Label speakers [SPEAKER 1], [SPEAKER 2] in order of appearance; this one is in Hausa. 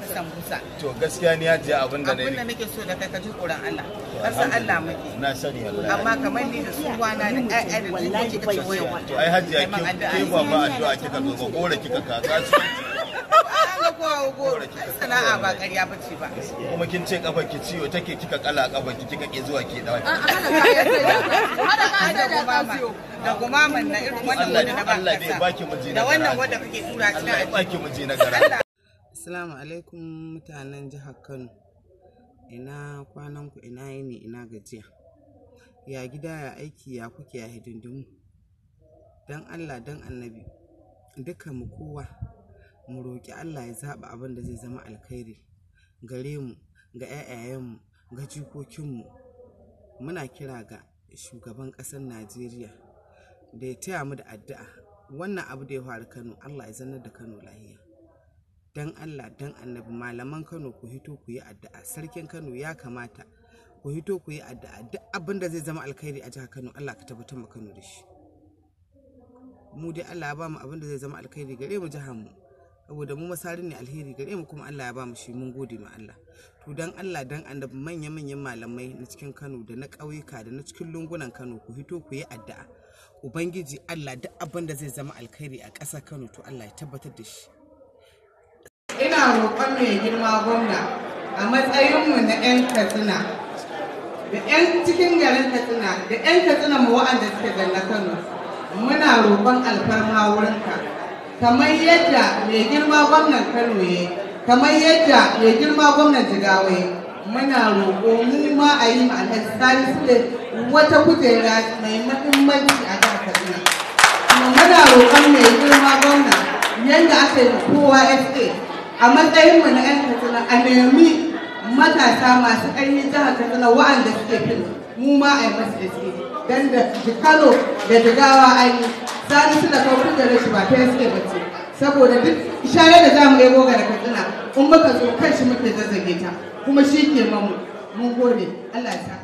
[SPEAKER 1] to gaskiya ni ya ji abin da na yi da nake so da kai ka ji tsoron Allah
[SPEAKER 2] Allah muke na sani Allah amma
[SPEAKER 1] kamar ni da su wana da ƴaƴa da jikoki kace wayo to ai hajiya ke ba ba
[SPEAKER 2] addu'a kika zo ba kore kika ka
[SPEAKER 1] sana'a ba ƙarya ba ce ba.
[SPEAKER 2] Kuma kin ce kafa ki ciwo take kika kala kafa ki kika ke zuwa ke dawo.
[SPEAKER 1] Da gumaman na irin wannan wanda na ba. Allah bai baki miji na gara. Da wannan wanda kake tura cikin. Allah baki miji na
[SPEAKER 2] gara. Assalamu alaikum mutanen jihar Kano. Ina kwanan ku ina yini ina gajiya. Ya gida ya aiki ya kuke ya hidindimu. Dan Allah dan Annabi duka mu kowa mu roki Allah ya zaba abin da zai zama alkhairi gare mu ga ƴaƴayenmu ga jikokinmu. Muna kira ga shugaban ƙasar Najeriya da ya taya mu da addu'a. Wannan abu da ya faru Kano Allah ya zanar da Kano lahiya. dan Allah dan annabi malaman Kano ku hito ku yi addu'a sarkin Kano ya kamata ku hito ku yi addu'a duk abin da zai zama alkhairi a jihar Kano Allah ka tabbatar ma Kano da shi mu dai Allah ya ba mu abin da zai zama alkhairi gare mu jihar mu saboda mu masarin ne alheri gare mu kuma Allah ya ba mu shi mun gode ma Allah to dan Allah dan annabi manya manyan malamai na cikin Kano da na ƙauyuka da na cikin lungunan Kano ku hito ku yi addu'a ubangiji Allah duk abin da zai zama alkhairi a ƙasar Kano to Allah ya tabbatar da shi
[SPEAKER 1] muna roƙon mai girma gwamna a matsayinmu na 'yan katsina da 'yan cikin garin katsina da 'yan katsina mu wa'anda suke zanna kano muna roƙon alfarma wurinka kamar yadda mai girma gwamnan kano ya kamar yadda mai girma gwamnan Jigawai. muna roƙo mu ma a yi ma alhaji da wata kujera mai muhimmanci a jihar katsina muna roƙon mai girma gwamna yadda aka yi kowa fa a matsayin mu na 'yan katsina a nemi matasa masu ƙarfi jihar katsina wa'anda suke fil mu ma a yi masu da suke don da kano da jigawa an yi sani su kawo da rashi ba ta suke bace saboda duk isharar da zamu yi goga da katsina in muka zo kan shi muke zazzage ta kuma shi ke mamu mun gode allah ya sa